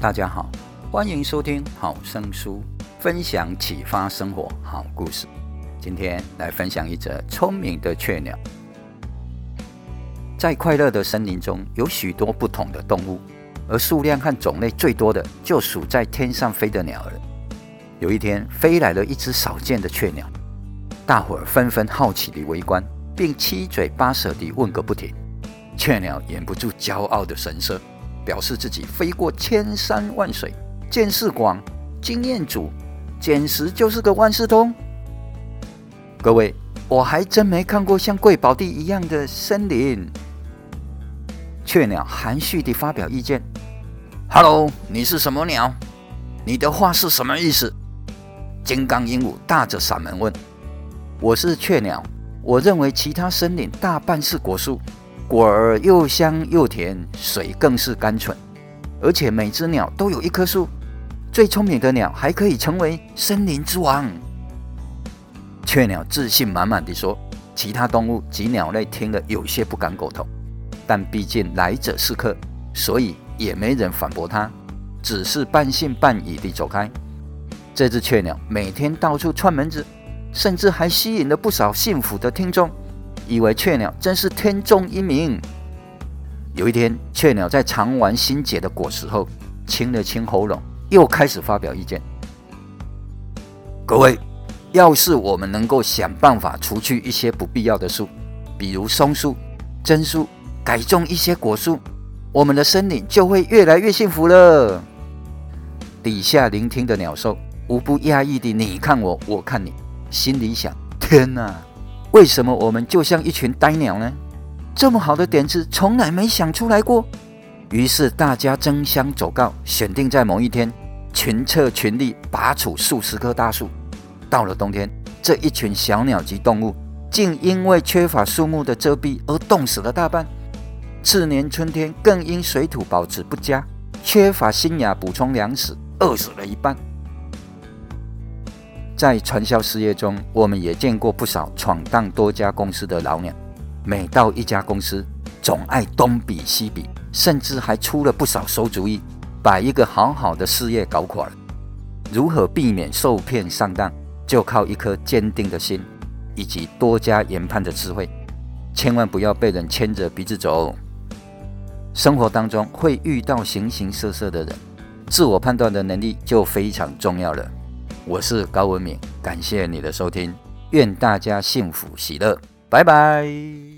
大家好，歡迎收聽好聲書，分享啟發生活好故事。今天來分享一則聰明的鵲鳥。在快樂的森林中，有許多不同的動物，而數量和種類最多的就屬在天上飛的鳥了。有一天，飛來了一隻少見的鵲鳥，大伙兒紛紛好奇地圍觀，並七嘴八舌地問個不停。鵲鳥掩不住驕傲的神色。表示自己飛過千山萬水，見識廣，經驗足，簡直就是個萬事通。各位，我還真沒看過像貴寶地一樣的森林。鵲鳥含蓄地發表意見。“Hello，你是什麼鳥？你的話是什麼意思？”金剛鸚鵡大着嗓門問。“我是鵲鳥，我認為其他森林大半是果樹。”果兒又香又甜，水更是甘醇，而且每隻鳥都有一棵樹。最聰明的鳥還可以成為森林之王。雀鳥自信滿滿地說，其他動物及鳥類聽了有些不敢苟同，但畢竟來者是客，所以也沒人反駁它，只是半信半疑地走開。這隻雀鳥每天到處串門子，甚至還吸引了不少幸福的聽眾。以為鵲鳥真是天縱英明。有一天，鵲鳥在嘗完新結的果實後，清了清喉嚨，又開始發表意見：“各位，要是我們能夠想辦法除去一些不必要的樹，比如松樹、榛樹，改種一些果樹，我們的森林就會越來越幸福了。”底下聆聽的鳥獸無不訝異地你看我，我看你，心裡想：“天哪！”為什麼我們就像一群呆鳥呢？這麼好的點子從來沒想出來過。於是大家爭相走告，選定在某一天，群策群力拔除數十棵大樹。到了冬天，這一群小鳥及動物竟因為缺乏樹木的遮蔽而凍死了大半。次年春天，更因水土保持不佳，缺乏新芽補充糧食，餓死了一半。在傳銷事業中，我們也見過不少闖蕩多家公司的老鳥，每到一家公司，總愛東比西比，甚至還出了不少餿主意，把一個好好的事業搞垮了。如何避免受騙上當，就靠一顆堅定的心，以及多加研判的智慧，千萬不要被人牽着鼻子走。生活當中會遇到形形色色的人，自我判斷的能力就非常重要了。我是高文敏，感謝你的收聽，願大家幸福喜樂，拜拜。